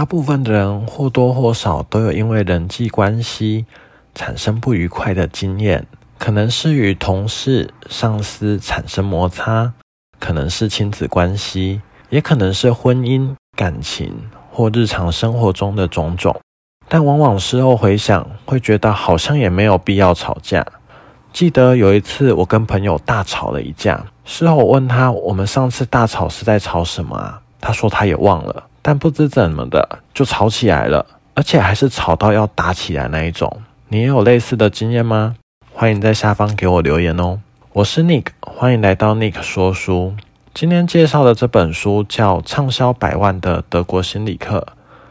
大部分的人或多或少都有因為人際關係產生不愉快的經驗，可能是與同事、上司產生摩擦，可能是親子關係，也可能是婚姻、感情或日常生活中的種種。但往往事後回想，會覺得好像也沒有必要吵架。記得有一次我跟朋友大吵了一架，事後我問他我們上次大吵是在吵什麼啊？他說他也忘了。但不知怎麼的，就吵起來了，而且還是吵到要打起來那一種。你也有類似的經驗嗎？歡迎在下方給我留言哦。我是 Nick，歡迎來到 Nick 說書。今天介紹的這本書叫《暢銷百萬的德國心理課》，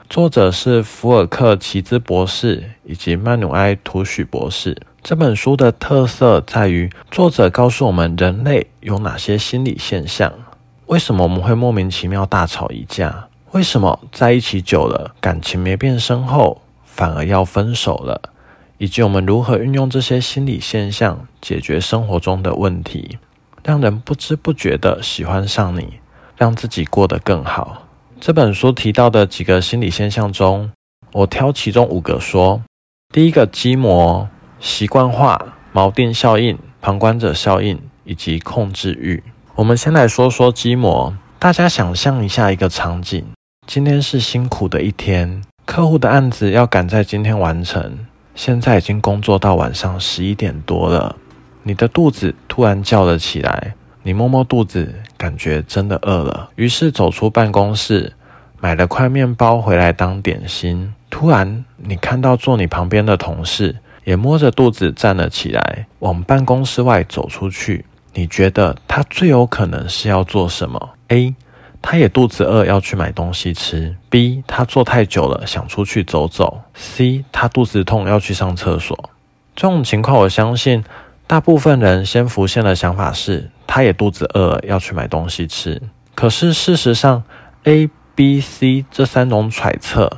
作者是福爾克奇茲博士以及曼努埃圖許博士。這本書的特色在於，作者告訴我們人類有哪些心理現象，為什麼我們會莫名其妙大吵一架。為什麼在一起久了，感情沒變深厚，反而要分手了？以及我們如何運用這些心理現象解決生活中的問題，讓人不知不覺的喜歡上你，讓自己過得更好？這本書提到的幾個心理現象中，我挑其中五個說：第一個，基模、習慣化、錨定效應、旁觀者效應以及控制慾。我們先來說說基模。大家想象一下一個場景。今天是辛苦的一天，客戶的案子要趕在今天完成。現在已經工作到晚上十一點多了，你的肚子突然叫了起來。你摸摸肚子，感覺真的餓了，於是走出辦公室，買了塊麵包回來當點心。突然，你看到坐你旁邊的同事也摸着肚子站了起來，往辦公室外走出去。你覺得他最有可能是要做什麼？A 他也肚子餓，要去買東西吃。B，他坐太久了，想出去走走。C，他肚子痛，要去上廁所。這種情況，我相信大部分人先浮現的想法是：他也肚子餓，要去買東西吃。可是事實上，A、B、C 這三種揣測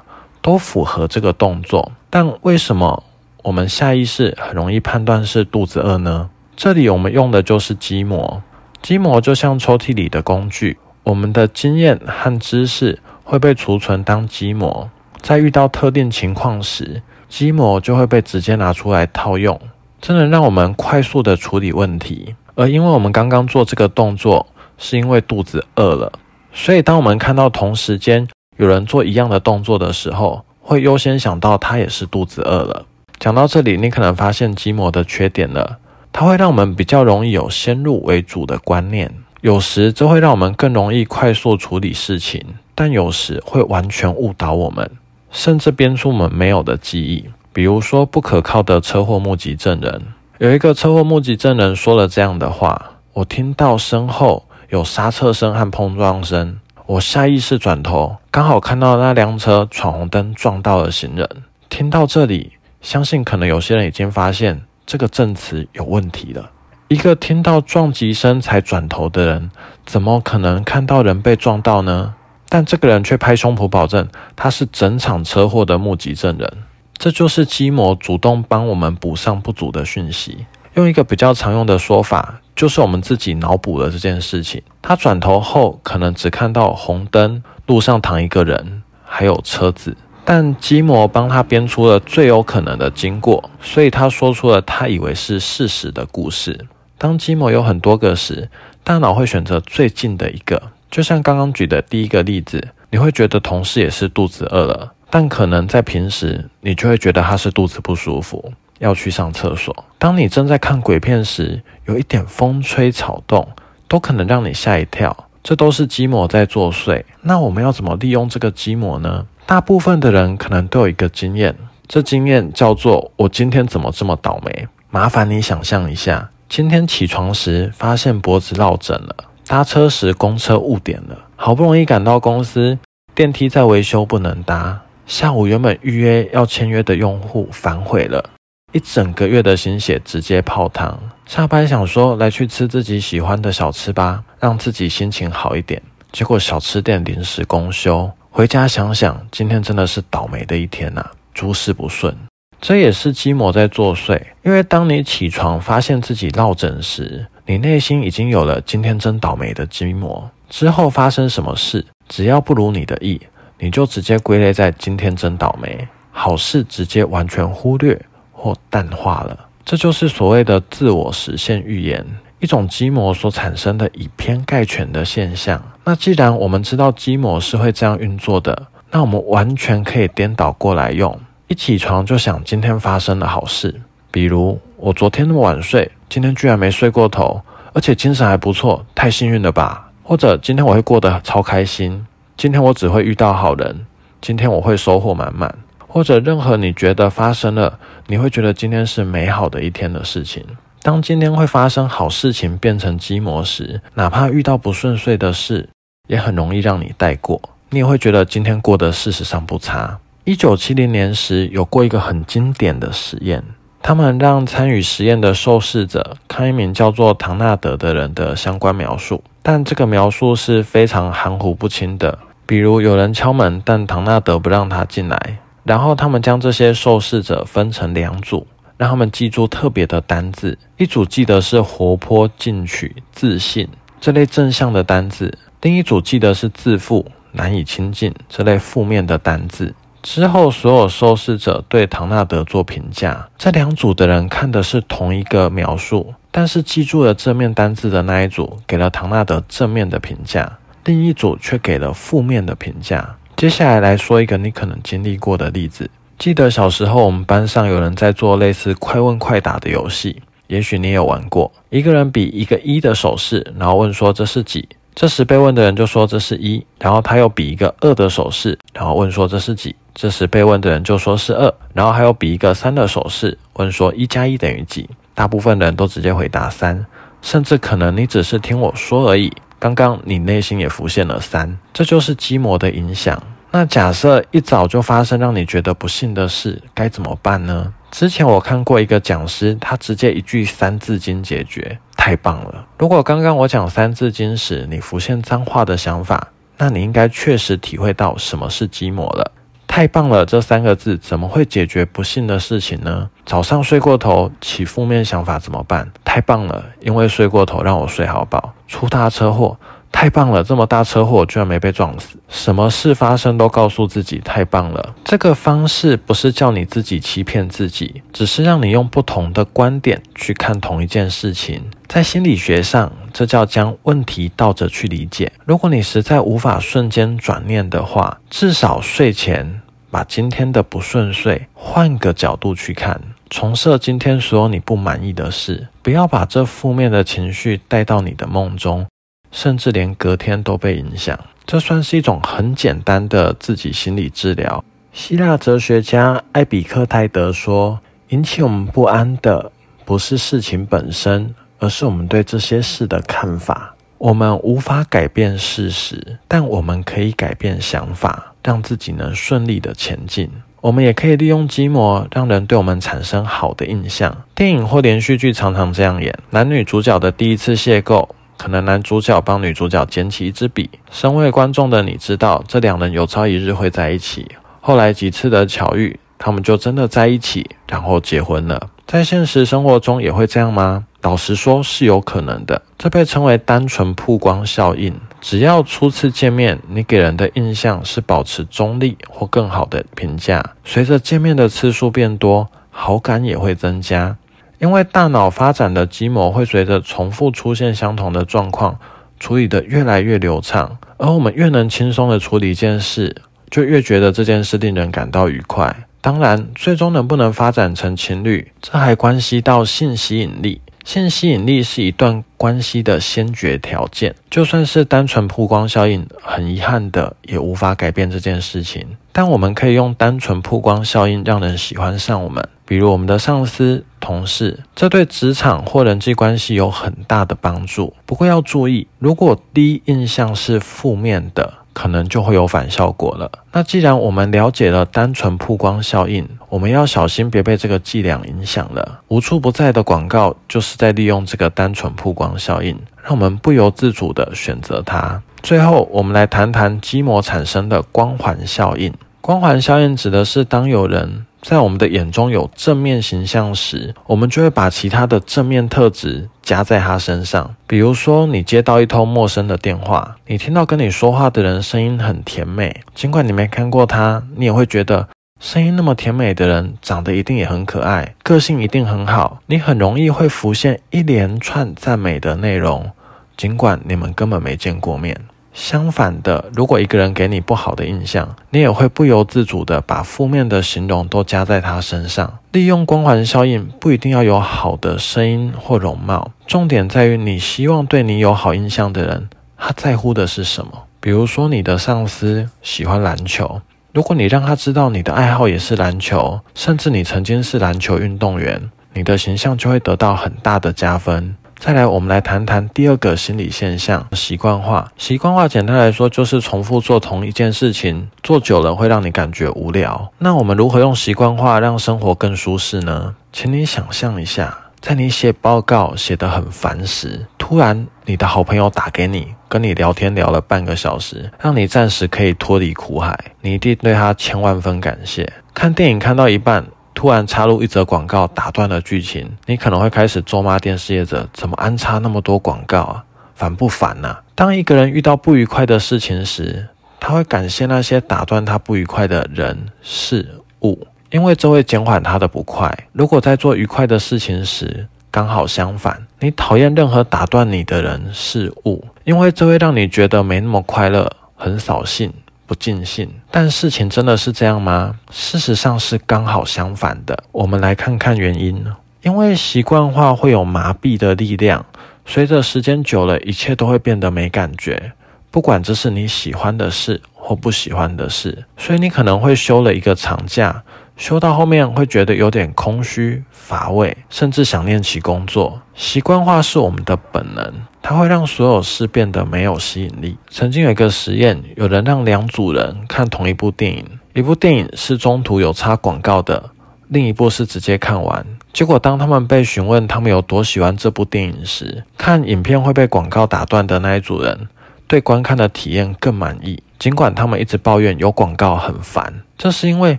都符合這個動作，但為什麼我們下意識很容易判斷是肚子餓呢？這裡我們用的就是基模，基模就像抽屜裡的工具。我們的經驗和知識會被儲存當基模，在遇到特定情況時，基模就會被直接拿出來套用，這能讓我們快速的處理問題。而因為我們剛剛做這個動作是因為肚子餓了，所以當我們看到同時間有人做一樣的動作的時候，會優先想到他也是肚子餓了。講到這裡，你可能發現基模的缺點了，它會讓我們比較容易有先入為主的觀念。有時這會讓我們更容易快速處理事情，但有時會完全誤導我們，甚至編出我們沒有的記憶。比如說，不可靠的車禍目擊證人。有一個車禍目擊證人說了這樣的話：“我聽到身後有剎車聲和碰撞聲，我下意識轉頭，剛好看到那輛車闖紅燈撞到了行人。”聽到這裡，相信可能有些人已經發現這個證詞有問題了。一個聽到撞擊聲才轉頭的人，怎麼可能看到人被撞到呢？但這個人卻拍胸脯保證他是整場車禍的目擊證人。這就是基模主動幫我們補上不足的訊息。用一個比較常用的說法，就是我們自己腦補了這件事情。他轉頭後可能只看到紅燈、路上躺一個人，還有車子。但基模幫他編出了最有可能的經過，所以他說出了他以為是事實的故事。當基模有很多個時，大腦會選擇最近的一個。就像剛剛舉的第一個例子，你會覺得同事也是肚子餓了，但可能在平時，你就會覺得他是肚子不舒服，要去上廁所。當你正在看鬼片時，有一點風吹草動，都可能讓你嚇一跳。這都是基模在作祟。那我們要怎麼利用這個基模呢？大部分的人可能都有一個經驗，這經驗叫做“我今天怎麼這麼倒霉？”麻煩你想象一下。今天起床時發現脖子落枕了，搭車時公車誤點了，好不容易趕到公司，電梯在維修不能搭。下午原本預約要簽約的用戶反悔了，一整個月的心血直接泡湯。下班想說來去吃自己喜歡的小吃吧，讓自己心情好一點，結果小吃店臨時公休。回家想想，今天真的是倒霉的一天啊，諸事不順。這也是基模在作祟，因為當你起床發現自己落枕時，你內心已經有了“今天真倒黴”的基模。之後發生什麼事，只要不如你的意，你就直接歸類在“今天真倒黴”，好事直接完全忽略或淡化了。這就是所謂的自我實現預言，一種基模所產生的以偏概全的現象。那既然我們知道基模是會這樣運作的，那我們完全可以顛倒過來用。一起床就想今天發生的好事，比如我昨天那麼晚睡，今天居然沒睡過頭，而且精神還不錯，太幸運了吧？或者今天我會過得超開心，今天我只會遇到好人，今天我會收穫滿滿，或者任何你覺得發生了，你會覺得今天是美好的一天的事情。當今天會發生好事情變成基模時，哪怕遇到不順遂的事，也很容易讓你帶過，你也會覺得今天過得事實上不差。一九七零年時，有過一個很經典的實驗。他們讓參與實驗的受試者看一名叫做唐納德的人的相關描述，但這個描述是非常含糊不清的。比如，有人敲門，但唐納德不讓他進來。然後，他們將這些受試者分成兩組，讓他們記住特別的單字。一組記得是活潑、進取、自信這類正向的單字；另一組記得是自負、難以親近這類負面的單字。之後，所有受試者對唐納德做評價。這兩組的人看的是同一個描述，但是記住了正面單字的那一組給了唐納德正面的評價，另一組卻給了負面的評價。接下來來說一個你可能經歷過的例子。記得小時候我們班上有人在做類似“快問快答”的遊戲，也許你有玩過。一個人比一個一的手勢，然後問說，這是幾？這時被問的人就說這是一，然後他又比一個二的手勢，然後問說，這是幾？這時被問的人就說是二，然後還有比一個三的手勢，問說一加一等於幾？大部分的人都直接回答三，甚至可能你只是聽我說而已。剛剛你內心也浮現了三，這就是基模的影響。那假設一早就發生讓你覺得不幸的事，該怎麼辦呢？之前我看過一個講師，他直接一句三字經解決，太棒了。如果剛剛我講三字經時你浮現髒話的想法，那你應該確實體會到什麼是基模了。太棒了，這三個字怎麼會解決不幸的事情呢？早上睡過頭，起負面想法怎麼辦？太棒了，因為睡過頭讓我睡好飽。出大車禍，太棒了，這麼大車禍居然沒被撞死。什麼事發生都告訴自己，太棒了。這個方式不是叫你自己欺騙自己，只是讓你用不同的觀點去看同一件事情。在心理學上，這叫將問題倒着去理解。如果你實在無法瞬間轉念的話，至少睡前。把今天的不順遂換個角度去看，重設今天所有你不滿意的事，不要把這負面的情緒帶到你的夢中，甚至連隔天都被影響。這算是一種很簡單的自己心理治療。希臘哲學家艾比克泰德說：“引起我們不安的不是事情本身，而是我們對這些事的看法。我們無法改變事實，但我們可以改變想法。”讓自己能順利的前進。我們也可以利用激魔，讓人對我們產生好的印象。電影或連續劇常常這樣演：男女主角的第一次邂逅，可能男主角幫女主角撿起一支筆。身為觀眾的你知道，這兩人有朝一日會在一起。後來幾次的巧遇，他們就真的在一起，然後結婚了。在現實生活中也會這樣嗎？老實說，是有可能的。這被稱為單純曝光效應。只要初次見面，你給人的印象是保持中立或更好的評價。隨着見面的次數變多，好感也會增加。因為大腦發展的基模會隨着重複出現相同的狀況，處理得越來越流暢。而我們越能輕鬆地處理一件事，就越覺得這件事令人感到愉快。當然，最終能不能發展成情侶，這還關係到性吸引力。性吸引力是一段關係的先決條件，就算是單純曝光效應，很遺憾的也無法改變這件事情。但我們可以用單純曝光效應讓人喜歡上我們，比如我們的上司、同事，這對職場或人際關係有很大的幫助。不過要注意，如果第一印象是負面的。可能就會有反效果了。那既然我們了解了單純曝光效應，我們要小心別被這個伎倆影響了。無處不在的廣告，就是在利用這個單純曝光效應，讓我們不由自主的選擇它。最後，我們來談談基模產生的光環效應。光環效應指的是當有人。在我們的眼中有正面形象時，我們就會把其他的正面特質加在他身上。比如說，你接到一通陌生的電話，你聽到跟你說話的人聲音很甜美，儘管你沒看過他，你也會覺得聲音那麼甜美的人長得一定也很可愛，個性一定很好。你很容易會浮現一連串讚美的內容，儘管你們根本沒見過面。相反的，如果一個人給你不好的印象，你也會不由自主地把負面的形容都加在他身上。利用光環效應，不一定要有好的聲音或容貌，重點在於你希望對你有好印象的人，他在乎的是什麼？比如說，你的上司喜歡籃球，如果你讓他知道你的愛好也是籃球，甚至你曾經是籃球運動員，你的形象就會得到很大的加分。再來，我們來談談第二個心理現象——習慣化。習慣化簡單來說就是重複做同一件事情，做久了會讓你感覺無聊。那我們如何用習慣化讓生活更舒適呢？請你想象一下，在你寫報告寫得很煩時，突然你的好朋友打給你，跟你聊天聊了半個小時，讓你暫時可以脫離苦海，你一定對他千萬分感謝。看電影看到一半，突然插入一則廣告，打斷了劇情，你可能會開始咒罵電視業者，怎麼安插那麼多廣告啊，煩不煩吶啊？當一個人遇到不愉快的事情時，他會感謝那些打斷他不愉快的人事物，因為這會減緩他的不快。如果在做愉快的事情時，剛好相反，你討厭任何打斷你的人事物，因為這會讓你覺得沒那麼快樂，很掃興。不盡興，但事情真的是這樣嗎？事實上是剛好相反的。我們來看看原因。因為習慣化會有麻痹的力量，隨着時間久了，一切都會變得沒感覺。不管這是你喜歡的事或不喜歡的事，所以你可能會休了一個長假，休到後面會覺得有點空虛、乏味，甚至想念起工作。習慣化是我們的本能。它會讓所有事變得沒有吸引力。曾經有一個實驗，有人讓兩組人看同一部電影，一部電影是中途有插廣告的，另一部是直接看完。結果，當他們被詢問他們有多喜歡這部電影時，看影片會被廣告打斷的那一組人對觀看的體驗更滿意，儘管他們一直抱怨有廣告很煩。這是因為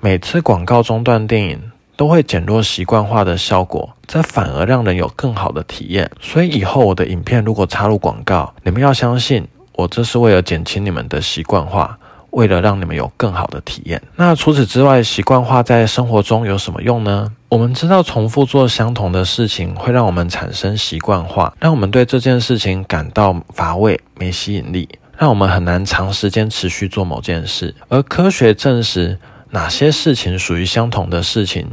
每次廣告中斷電影。都會減弱習慣化的效果，這反而讓人有更好的體驗。所以以後我的影片如果插入廣告，你們要相信我，這是為了減輕你們的習慣化，為了讓你們有更好的體驗。那除此之外，習慣化在生活中有什麼用呢？我們知道，重複做相同的事情會讓我們產生習慣化，讓我們對這件事情感到乏味、沒吸引力，讓我們很難長時間持續做某件事。而科學證實，哪些事情屬於相同的事情，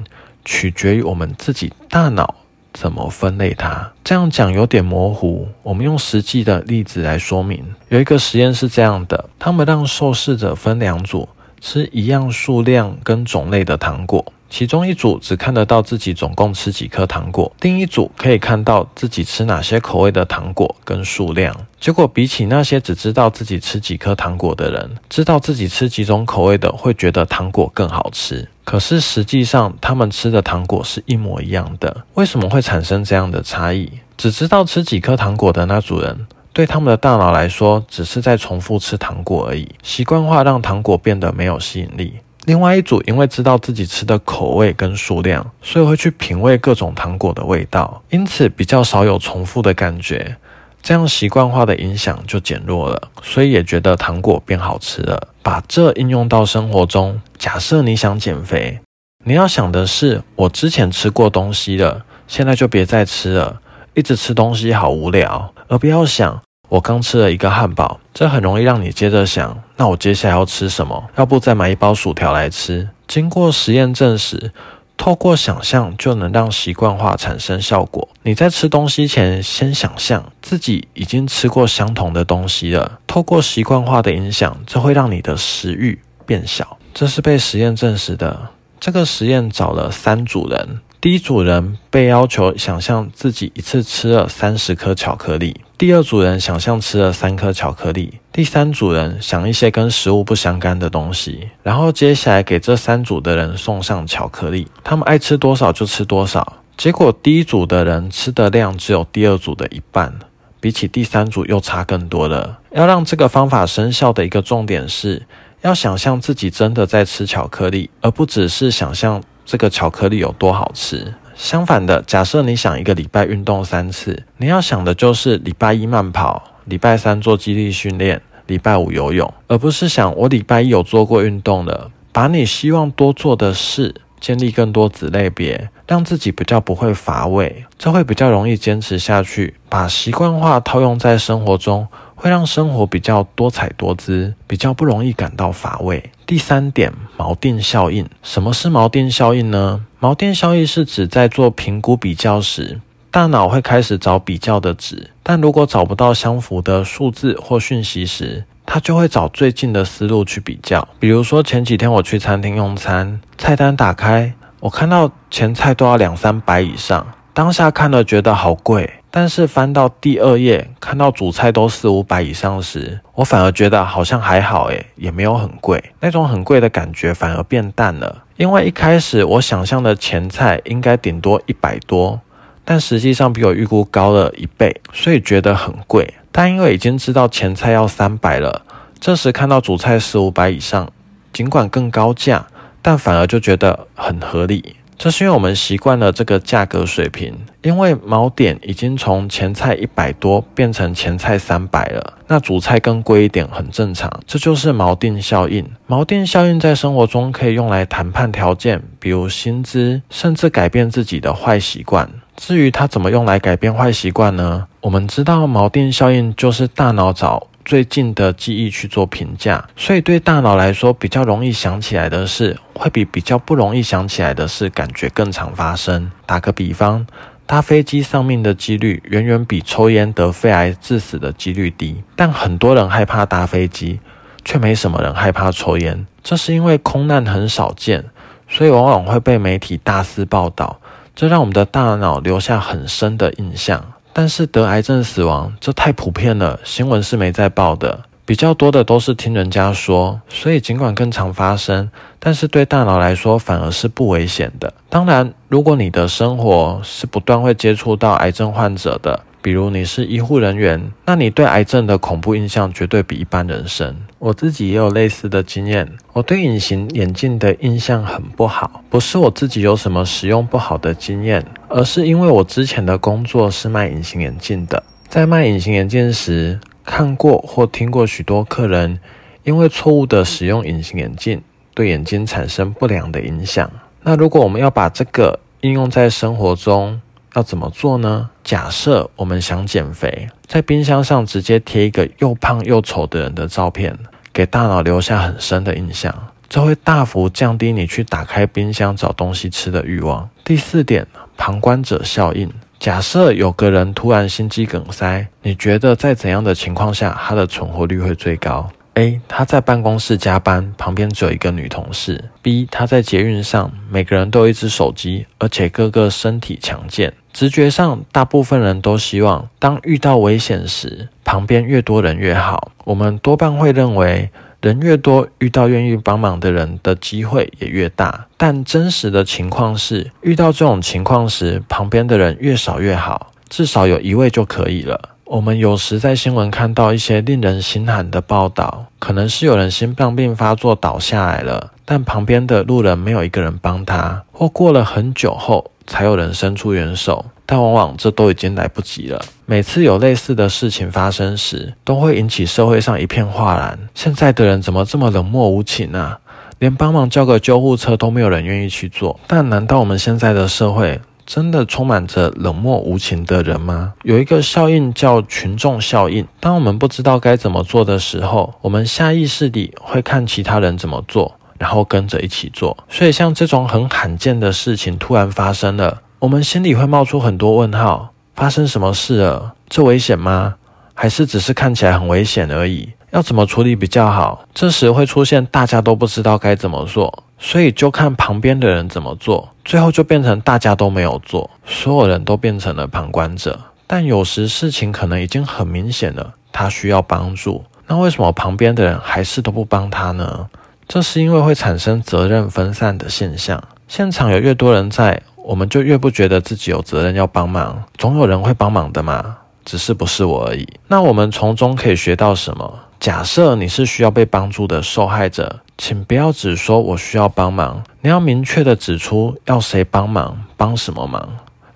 取決於我們自己大腦怎麼分類它。這樣講有點模糊，我們用實際的例子來說明。有一個實驗是這樣的，他們讓受試者分兩組，吃一樣數量跟種類的糖果。其中一組只看得到自己總共吃幾顆糖果，另一組可以看到自己吃哪些口味的糖果跟數量。結果，比起那些只知道自己吃幾顆糖果的人，知道自己吃幾種口味的，會覺得糖果更好吃。可是實際上，他們吃的糖果是一模一樣的。為什麼會產生這樣的差異？只知道吃幾顆糖果的那組人，對他們的大腦來說，只是在重複吃糖果而已，習慣化讓糖果變得沒有吸引力。另外一組因為知道自己吃的口味跟數量，所以會去品味各種糖果的味道，因此比較少有重複的感覺，這樣習慣化的影響就減弱了，所以也覺得糖果變好吃了。把這應用到生活中，假設你想減肥，你要想的是我之前吃過東西了，現在就別再吃了，一直吃東西好無聊，而不要想。我剛吃了一個漢堡，這很容易讓你接着想：那我接下來要吃什麼？要不再買一包薯條來吃？經過實驗證實，透過想象就能讓習慣化產生效果。你在吃東西前，先想象自己已經吃過相同的東西了，透過習慣化的影響，這會讓你的食欲變小。這是被實驗證實的。這個實驗找了三組人。第一組人被要求想象自己一次吃了三十顆巧克力，第二組人想象吃了三顆巧克力，第三組人想一些跟食物不相干的東西。然後接下來給這三組的人送上巧克力，他們愛吃多少就吃多少。結果第一組的人吃的量只有第二組的一半，比起第三組又差更多了。要讓這個方法生效的一個重點是要想象自己真的在吃巧克力，而不只是想象。這個巧克力有多好吃？相反的，假設你想一個禮拜運動三次，你要想的就是禮拜一慢跑，禮拜三做肌力訓練，禮拜五游泳，而不是想我禮拜一有做過運動了。把你希望多做的事建立更多子類別，讓自己比較不會乏味，這會比較容易堅持下去。把習慣化套用在生活中，會讓生活比較多彩多姿，比較不容易感到乏味。第三點，錨定效應。什麼是錨定效應呢？錨定效應是指在做評估比較時，大腦會開始找比較的值，但如果找不到相符的數字或訊息時，它就會找最近的思路去比較。比如說前幾天我去餐廳用餐，菜單打開，我看到前菜都要兩三百以上，當下看了覺得好貴。但是翻到第二頁，看到主菜都四五百以上時，我反而覺得好像還好，欸，誒，也沒有很貴，那種很貴的感覺反而變淡了。因為一開始我想象的前菜應該頂多一百多，但實際上比我預估高了一倍，所以覺得很貴。但因為已經知道前菜要三百了，這時看到主菜四五百以上，儘管更高價，但反而就覺得很合理。這是因為我們習慣了這個價格水平，因為錨點已經從前菜一百多變成前菜三百了，那主菜更貴一點很正常。這就是錨定效應。錨定效應在生活中可以用來談判條件，比如薪資，甚至改變自己的壞習慣。至於它怎麼用來改變壞習慣呢？我們知道錨定效應就是大腦找，最近的記憶去做評價，所以對大腦來說，比較容易想起來的事，會比比較不容易想起來的事，感覺更常發生。打個比方，搭飛機喪命的幾率遠遠比抽煙得肺癌致死的幾率低，但很多人害怕搭飛機，卻沒什麼人害怕抽煙。這是因為空難很少見，所以往往會被媒體大肆報道，這讓我們的大腦留下很深的印象。但是得癌症死亡，這太普遍了，新聞是沒在報的，比較多的都是聽人家說。所以儘管更常發生，但是對大腦來說反而是不危險的。當然，如果你的生活是不斷會接觸到癌症患者的，比如你是醫護人員，那你對癌症的恐怖印象絕對比一般人深。我自己也有類似的經驗，我對隱形眼鏡的印象很不好，不是我自己有什麼使用不好的經驗。而是因為我之前的工作是賣隱形眼鏡的，在賣隱形眼鏡時，看過或聽過許多客人因為錯誤的使用隱形眼鏡，對眼睛產生不良的影響。那如果我們要把這個應用在生活中，要怎麼做呢？假設我們想減肥，在冰箱上直接貼一個又胖又醜的人的照片，給大腦留下很深的印象。這會大幅降低你去打開冰箱找東西吃的慾望。第四點，旁觀者效應。假設有個人突然心肌梗塞，你覺得在怎樣的情況下他的存活率會最高？A. 他在辦公室加班，旁邊只有一個女同事。B. 他在捷運上，每個人都有一隻手機，而且個個身體強健。直覺上，大部分人都希望當遇到危險時，旁邊越多人越好。我們多半會認為，人越多，遇到願意幫忙的人的機會也越大。但真實的情況是，遇到這種情況時，旁邊的人越少越好，至少有一位就可以了。我們有時在新聞看到一些令人心寒的報道，可能是有人心臟病發作倒下來了，但旁邊的路人沒有一個人幫他，或過了很久後才有人伸出援手。但往往這都已經來不及了。每次有類似的事情發生時，都會引起社會上一片譁然。現在的人怎麼這麼冷漠無情啊？連幫忙叫個救護車都沒有人願意去做。但難道我們現在的社會真的充滿着冷漠無情的人嗎？有一個效應叫“群眾效應”。當我們不知道該怎麼做的時候，我們下意識地會看其他人怎麼做，然後跟着一起做。所以，像這種很罕見的事情突然發生了。我們心裡會冒出很多問號，發生什麼事了？這危險嗎？還是只是看起來很危險而已？要怎麼處理比較好？這時會出現大家都不知道該怎麼做，所以就看旁邊的人怎麼做，最後就變成大家都沒有做，所有人都變成了旁觀者。但有時事情可能已經很明顯了，他需要幫助。那為什麼旁邊的人還是都不幫他呢？這是因為會產生責任分散的現象。現場有越多人在。我們就越不覺得自己有責任要幫忙，總有人會幫忙的嘛，只是不是我而已。那我們從中可以學到什麼？假設你是需要被幫助的受害者，請不要只說我需要幫忙，你要明確地指出要誰幫忙，幫什麼忙，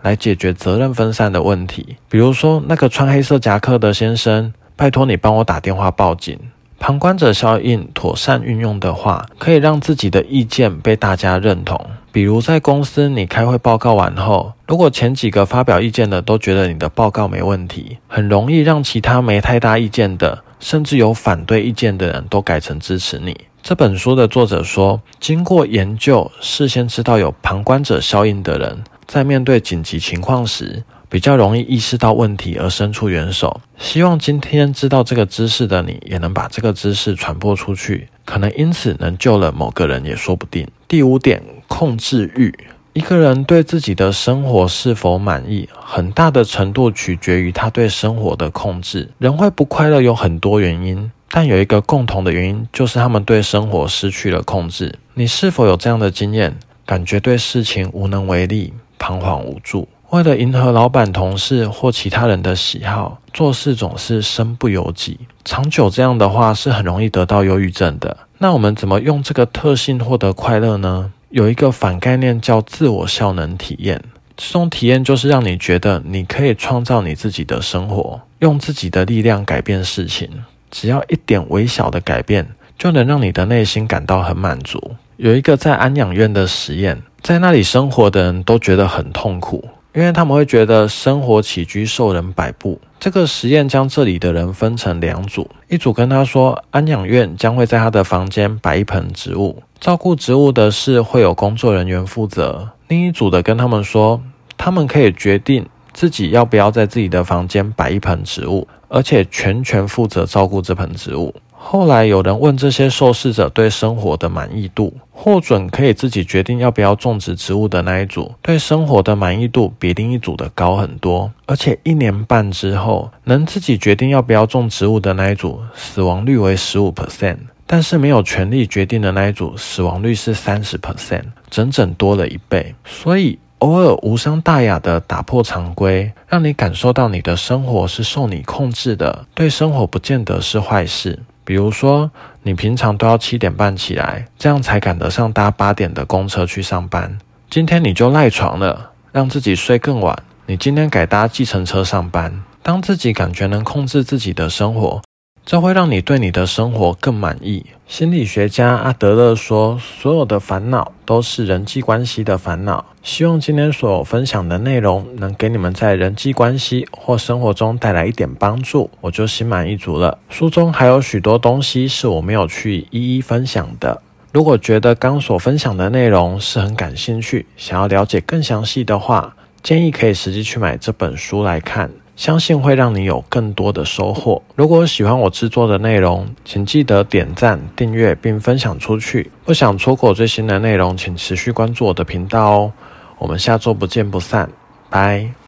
來解決責任分散的問題。比如說，那個穿黑色夾克的先生，拜托你幫我打電話報警。旁觀者效應妥善運用的話，可以讓自己的意見被大家認同。比如在公司你開會報告完後，如果前幾個發表意見的都覺得你的報告沒問題，很容易讓其他沒太大意見的，甚至有反對意見的人都改成支持你。這本書的作者說，經過研究，事先知道有旁觀者效應的人，在面對緊急情況時，比較容易意識到問題而伸出援手，希望今天知道這個知識的你也能把這個知識傳播出去，可能因此能救了某個人也說不定。第五點，控制欲。一個人對自己的生活是否滿意，很大的程度取決於他對生活的控制。人會不快樂有很多原因，但有一個共同的原因就是他們對生活失去了控制。你是否有這樣的經驗？感覺對事情無能為力，彷徨無助。為了迎合老闆、同事或其他人的喜好，做事總是身不由己。長久這樣的話，是很容易得到憂鬱症的。那我們怎麼用這個特性獲得快樂呢？有一個反概念叫自我效能體驗，這種體驗就是讓你覺得你可以創造你自己的生活，用自己的力量改變事情。只要一點微小的改變，就能讓你的內心感到很滿足。有一個在安養院的實驗，在那裡生活的人都覺得很痛苦。因為他們會覺得生活起居受人擺布。這個實驗將這裡的人分成兩組，一組跟他說，安養院將會在他的房間擺一盆植物，照顧植物的事會有工作人員負責；另一組的跟他們說，他們可以決定自己要不要在自己的房間擺一盆植物，而且全權負責照顧這盆植物。後來有人問這些受試者對生活的滿意度，獲准可以自己決定要不要種植植物的那一組，對生活的滿意度比另一組的高很多。而且一年半之後，能自己決定要不要種植物的那一組死亡率為十五 percent，但是沒有權利決定的那一組死亡率是三十 percent，整整多了一倍。所以偶爾無傷大雅的打破常規，讓你感受到你的生活是受你控制的，對生活不見得是壞事。比如說，你平常都要七點半起來，這樣才趕得上搭八點的公車去上班。今天你就賴床了，讓自己睡更晚。你今天改搭計程車上班，當自己感覺能控制自己的生活。這會讓你對你的生活更滿意。心理學家阿德勒說：“所有的煩惱都是人際關係的煩惱。”希望今天所分享的內容能給你們在人際關係或生活中帶來一點幫助，我就心滿意足了。書中還有許多東西是我沒有去一一分享的。如果覺得剛所分享的內容是很感興趣，想要了解更詳細的話，建議可以實際去買這本書來看。相信會讓你有更多的收穫。如果喜歡我製作的內容，請記得點讚、訂閱並分享出去。不想錯過最新的內容，請持續關注我的頻道哦。我們下週不見不散，拜拜。